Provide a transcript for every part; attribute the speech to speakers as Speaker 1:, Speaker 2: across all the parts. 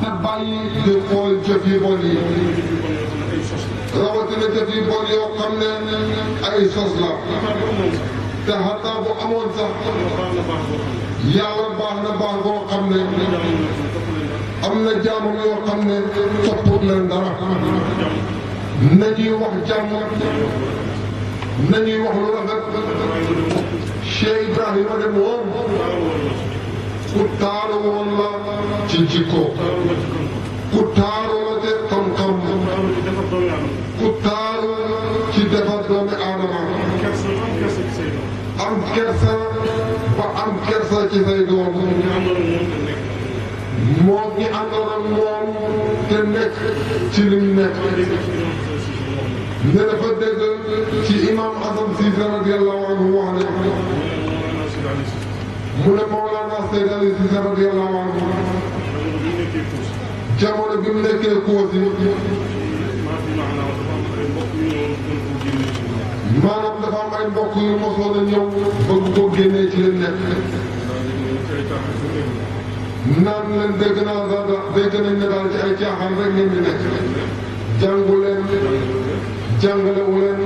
Speaker 1: te bàyyi di xool jëf yi bon yi rawatina jëf yi bon yoo xam ne ay sos la te xataa bu amoon sax yàlla baax na baax boo xam ne am na jaamam yoo xam ne topput leen dara nañuy wax jàmm nañuy wax lu rafet Cheikh Ibrahima dem woon ku taaru woon la ci jikko ku taaru la te xam-xam ku taaru ci defar doomi aadama am kersa ba am kersa ci say doom moom ñi àndoon ak moom te nekk ci li mu nekk ne dafa dégg ci imam Assane Cissé radiyallahu anhu wax ne mu ne Mawlana Seydou Aliou Cissé radiyallahu anhu jamono bi mu nekkee Kossy maanaam dafa am ay mbokk yu mosoon a ñëw bëgg ko génnee ci leen nekk naan leen dégg naa dada dégg nañ ne daal ci ay caaxaan rek ngeen di nekk jàngu leen jàngalewu leen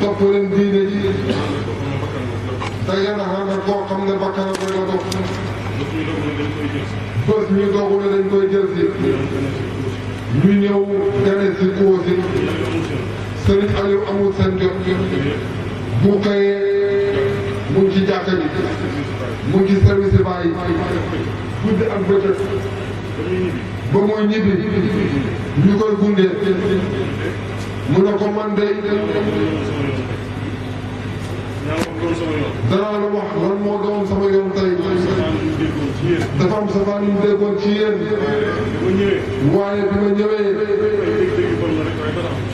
Speaker 1: topp leen diine ji te yàlla xam nga koo xam ne bakkanam doy na dox. bés ñu doogul ne koy jël si. ñu ñëw gane si koo si. Serigne Aliou amul seen jot. bu xëyee mu ngi ci jàkka ji. mu ngi service bàyyi. guddi ak bëccëg. ba muy ñibbi. ñu mu ne ko man danaa la wax lan moo doon sama yoon tey. dafa am safaan yu déggoon ci yéen. waaye bi ma ñëwee.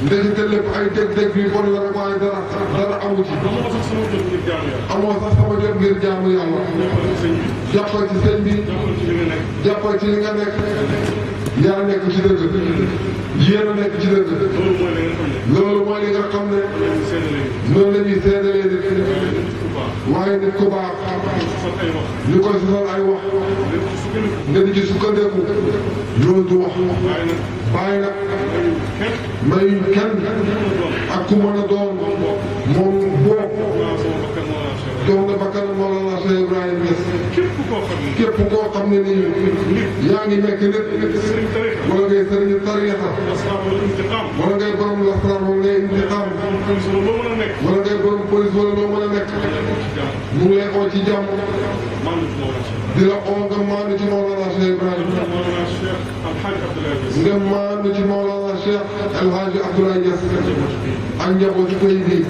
Speaker 1: ndekete lépp ay dég-dég yu bon la rek waaye dara dara amu ci. amoo sax sama jot ngir jaamu yàlla. jàppal ci sëñ bi. jàppal ci li nga nekk. yaa nekk ci dëgg yéen a nekk ci dëgg loolu mooy li nga xam ne noonu la ñuy seedalee nit waaye nit ku baax ñu koy sosal ay loolu du wax bàyyi nag mayuñ kenn ak ku mën a doon moom képp koo xam ne nii yaa ngi nekk nit wala ngay sëriñu tariixa wala ngay borom lasraar wala ngay intiqaam wala ngay borom police wala loo mën a nekk mu ngi lay oo ci jàmm di la oo nga maandu ci Mawlana Cheikh Ibrahima nga alxaaji Abdoulaye Niass ak njabootu tey bii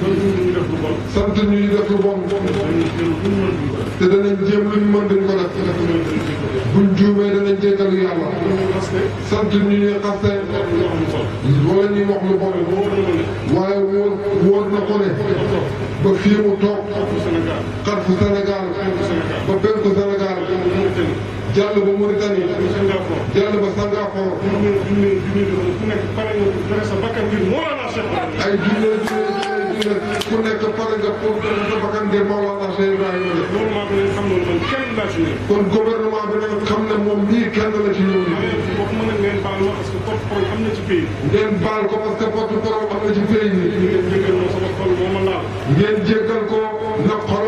Speaker 1: sant ñu ñu def lu bon te danañ jéem lu ñu mën dañ ko def buñ juumee danañ jéetal yàlla sant ñu ñu xaste wala ñuy wax lu bon waaye wóor wóor na ko ne ba fii mu toog xar fu Sénégal ba jàll ba Mauritanie. jàll ba Singapour. ay junne junne ku nekk pare nga pour sa bakkan ngir Mawlana Cheikh Ibrahima. kon gouvernement bi nag xam ne moom lii kenn la ci yow. ngeen baal ma parce que porte parole am na ci pays. ngeen baal ko parce que porte parole am na ci pays. ngeen jéggal ko sama xol moo ma laal. ngeen jéggal ko na xol.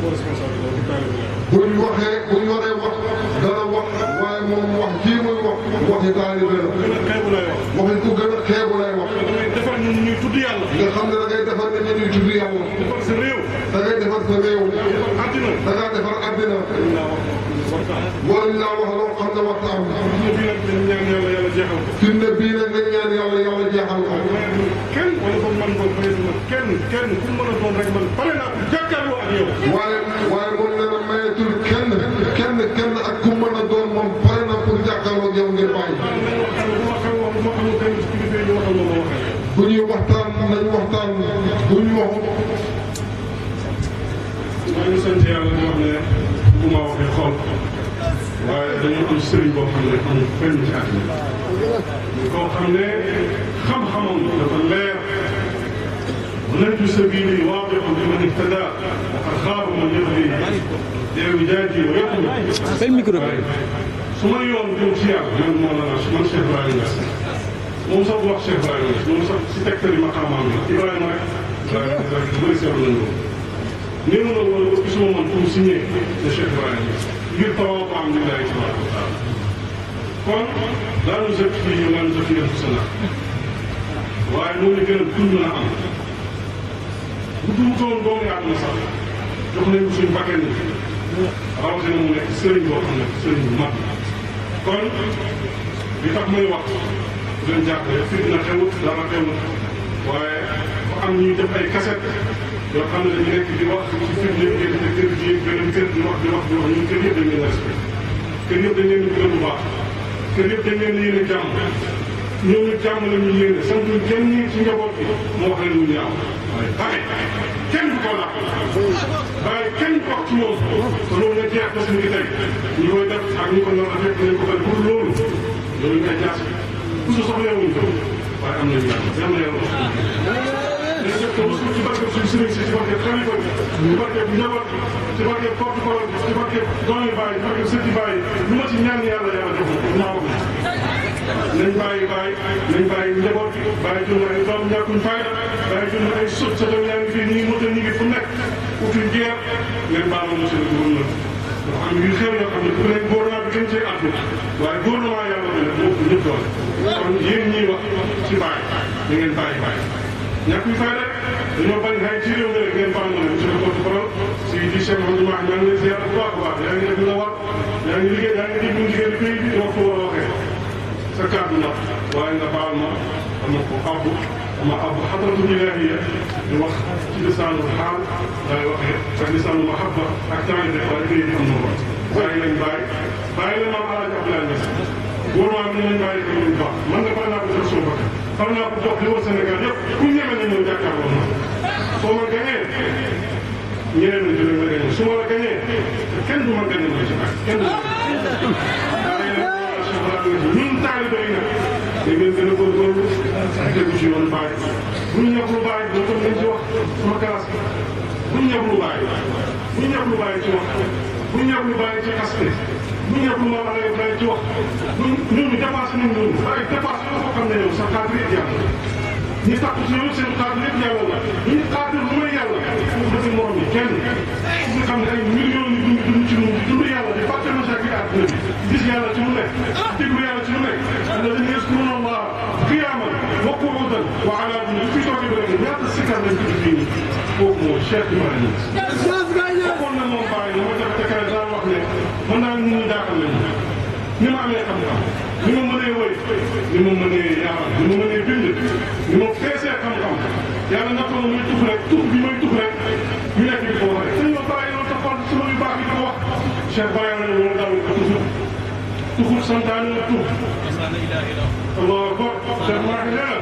Speaker 1: buñ waxee buñ waree wax dana wax waaye moom wax jii muy wax waxi taalibe la. waxi ku gën a xeebu lay wax. nga xam ne da ngay defar nit ñi ñuy tudd yàlla. da ngay defar sa réew. da ngaa defar àddina. war naa wax loo xam ne wax na am. fi mu ne bii nag dañ ñaan yàlla yàlla jeexal ko. kenn wala boog man boog kenn kenn ku mën a doon rek man pare naa ko kenn wax ak yow. waaye waaye moom nee na mayetul kenn kenn kenn ak ku mën a doon moom pare na pour jàkkaarloo ak yow ngir bàyyi. bu ñuy waxtaan nañu waxtaan bu ñu waxu.
Speaker 2: maa ngi sant yàlla di wax ne bu ma waxee xool waaye dañoo am sëriñ boo xam ne amul benn ci àddina koo xam ne xam-xamam dafa leer. ولنت سبيلي واضح لمن اهتدى وقد خاب من يغلي لأوجاجي ويقول في الميكرو su ma yoon jëm ci yàlla man Mawlana man Cheikh Ibrahima Niass moom sax bu wax Cheikh Ibrahima Niass moom sax si tegtali maqaamaam la Ibrahima rek rek bëri seetlu nañ ko. néew na wala ba gisuma man pour signé ne Cheikh Ibrahima Niass ngir tawam am ñu lay ci baax kon daanu jot fii ñu daanu jot fii def sa waaye noonu gën a dund na am. bu dul toon doomu aadama sax jox nañu suñu bakkan yi rawatina mu nekk sëriñ boo xam ne sëriñ bu mag kon li tax muy wax gën jàpp rek fitna xewut dara xewut waaye fa am ñuy def ay kaset yoo xam ne wax ci fitna yi ngeen def kër gi beneen wax di wax di wax ñun kër yëpp dañ leen respect kër yëpp dañ leen di gën bu baax kër yëpp dañ leen di yéene jàmm ñooñu jàmm la ñu yéene sant ñu kenn ci njaboot bi moo wax leen lu bàyyi kenn du ko laaj bàyyi kenn ko wax ci moom te loolu nga jeex na suñu tey ñu koy def ak ñu ko ñor affaire bi nañ ko bëri pour loolu loolu nga jaas ku su soxla wuñ ko waaye am nañu yàlla yàlla yàlla wax dëgg yàlla ko ci barke suñu sëriñ si ci barke xalifa bi ci barke njaboot bi ci barke porte-parole bi ci barke doon yi bàyyi ci barke sëti bàyyi lu ma ci ñaan yàlla yàlla jox naa ko nañ bàyyi bàyyi nañ bàyyi njaboot yi bàyyi suñu ay doom ñàkkuñ fayda bàyyi suñu ay sët sa doom yaa ngi fii nii moto ñi ngi fu nekk utuñ jeer am yu xew yoo xam ku nekk gouvernement bi gën cee àddu waaye gouvernement yàlla bi nag moo ñëpp doole kon yéen ñii wax bàyyi da ngeen bàyyi bàyyi ñàkkuñ fayda dañoo bañ xëy ci réew mi rek ngeen baal ma ne monsieur le porte-parole si di Cheikh Mamadou Mahi maa ngi lay ziar bu baax a baax yaa ngi def la war yaa ngi liggéey yaa ngi déglu liggéey bi pays bi wax ko sa kàddu la waaye nga baal ma dama ko abbu dama abbu xadratu ilaahiya di wax ci lisaanu xaal daay waxee ak lisaanu mahabba ak taalibe waaye kay di am na wax bàyyi lañ bàyyi bàyyi la maam alaaji Abdoulaye Niass góorwaa bi nañ bàyyi ko ñu baax man nga far naa ko jox suma bakkan far naa ko jox li war Sénégal yëpp ku ñeme na ñëw jàkkaarloo ma soo ma gañee ñeneen na jëlee ma gañee su ma la gañee kenn du ma gañee ma ci bàyyi kenn du ma ñun taalibe yi a da ngeen gën a góorgóorlu tegu ci yoonu baay bu ñu ñàkk lu baay bi comme nañ ci wax sama classe bi bu ñu ñàkk lu baay bu ñu ñàkk lu baay ci wax bu ñu ñàkk lu baay ci aspect bu ñu ñàkk lu maam Alay Baay ci wax ñun ñooñu dépassé nañ loolu waaye dépassé yoo sa cadre yëpp yàlla ñu takk ci yow seen cadre yëpp yàlla la ñu cadre bu may yàlla dafa morom yi kenn su nga xam ne ay millions yu déglu yàlla ci lu nekk alladina yaskuruna allaha qiyaman wa quudan wa ala junubihim fi toogee ba léegi ñaata sikkar lañ ko tuddee nii kooku moo Cheikh Ibrahima. waxoon na moom bàyyi na ma def te kare daan wax ne mën naa nit ñi jaaxal nañu ni ma amee xam-xam ni ma mënee wéy ni ma mënee yaar ni ma mënee santaane la tuub allahu akbar Cheikh Mahi nee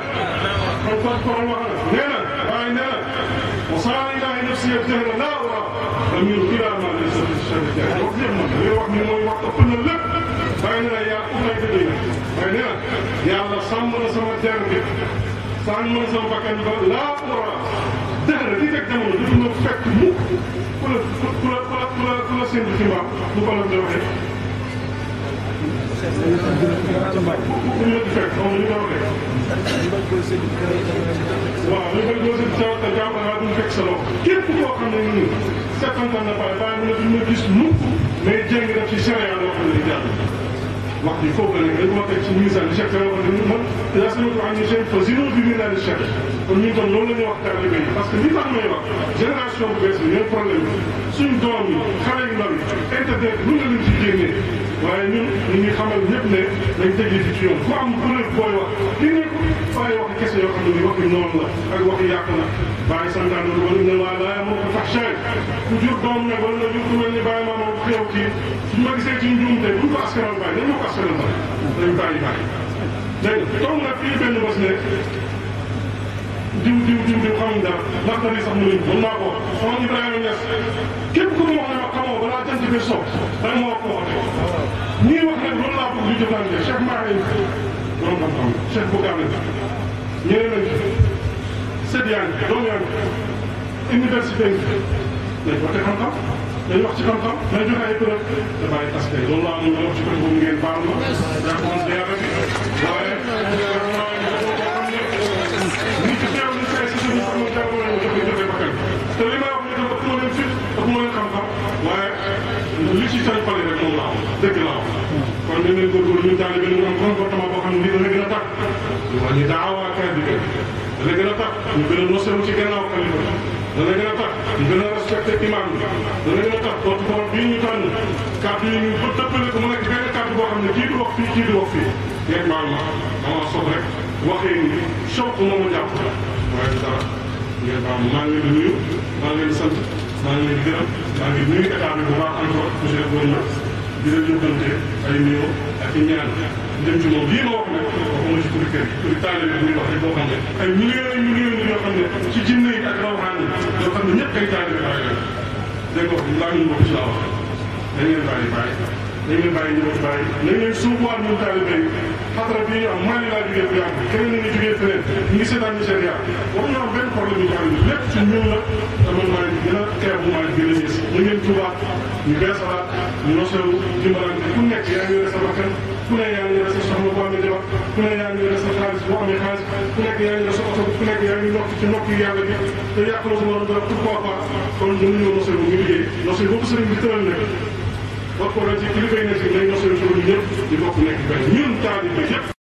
Speaker 2: na kon kon wax na nee na waaye nee na wasaana ilaahi nafsi yabtahila laa waraa lam yulqihaa maa laysa fi shari jaay wax lépp nag li wax ni mooy wax ëpp na lépp waaye nee na yaa utay dëgg na waaye nee na yàlla sàmm na sama jaam bi sàmm na sama bakkan ba laa waraa dex na li fekk jamono dafa fekk mu ku la ku la ku la ku la seen ci mbaa lu ko la waxee waaw ñu koy doon seen sa jàpp naa duñ fekk sa loxo képp koo xam ne nii settantal na pare bàyyi na duñ la gis mukk mais jéng def ci céréale loo xam ne di jàll wax ji foofu la dañ ma teg ci ministère du chef wax ne man yaa suñu ko amee chef fa zéro bi ñu naan chef kon ñu tam loolu la ñuy wax taalibe yi parce que li tax may wax génération bu bees bi ñooy problème suñu doom yi xale yu ndaw yi intérêt lu nga leen ci génnee waaye ñun ñu ngi xamal ñëpp ne dañ teg ci yoon ku am preuve booy wax ki nekk wax kese yoo xam ne ni waxi noonu la ak waxi yàq na bàyyi santaan na wala ne waa laa moo ko fax cher ku jur doom kii suñu ma gisee ci njuumte buñ ko askanal bàyyi dañ ma ko askanal bàyyi dañ bàyyi bàyyi dégg nga toog nag fii benn bés ne diw diw diw diw xamuñ dara ndax tamit sax mu ne mën boobu la sensibilisation lan moo ko woote ñii wax ne loolu laa bëgg ñu jëflante Cheikh Mahi borom xam-xam Cheikh Bougane ñeneen lañ sët yaa ngi doom yaa ngi université yi dañ woote xam-xam dañ wax ci xam-xam dañ joxe ay preuve da bàyyi tas kay loolu laa amoon wax ci côté boobu ngeen baal ma. d'accord waaye. kon dañ leen góorgóorlu ñun taalibe ñu am comportement boo xam ne lii dana gën a tax ñu wàññi daawaa kër bi kër dana gën a tax ñu gën a nosewu ci gannaaw xalifa dana gën a tax ñu gën a respecté imam bi dana gën a tax donc borom bii ñu tànn kàddu yi ñu dëppale ko mu nekk benn kàddu boo xam ne kii du wax fii kii du wax fii ngeen maal ma dama sob rek waxee ni choc moomu jàpp waaye du dara ngeen maal maa ngi leen di nuyu maa ngi leen di sant maa ngi leen di gërëm maa ngi nuyu état bi bu baax encore monsieur Boye dina jëndante ay nuyoo ak i ñaan jëm ci moom lii ma wax nag waxuma ci turi kër yi turi taalibe bi muy wax rek boo xam ne ay millions yi millions yi yoo xam ne ci jinne yi ak rawxaan yi yoo xam ne ñëpp ay taalibe bàyyi la dégg nga wax laa ñu bokk ci laa wax dañ leen bàyyi bàyyi dañ leen bàyyi ñu bokk bàyyi nañ leen suubuwaat ñun taalibe yi xatara bi ñu am Mali laa jugee bu yàgg keneen ñu jugee feneen ñu ngi seetaan Nigéria waxuñu am benn problème yu xam ne lépp ci ñun la te man maa ngi gën a teew maa ngi gën a gis ñu ngeen tubaab ñu gën a sabar ñu nosewu dimbalante ku nekk yaa ngi yore sa bakkan ku ne yaa ngi yore sa soxna bu amee jabar ku ne yaa ngi yore sa xaalis bu amee xaalis ku nekk yaa ngi yore sa oto ku nekk yaa ngi nokk ci nokk yu yàlla bi te yàqaloo sa borom dara pourquoi pas kon ñu ñëw nosewu ñu liggéey nosewu boobu sëriñ bi tëral na
Speaker 1: wax ko ci kilifa yi nekk nañ nosewu ci ñëpp di bokk nekk benn ñun taalibe yëpp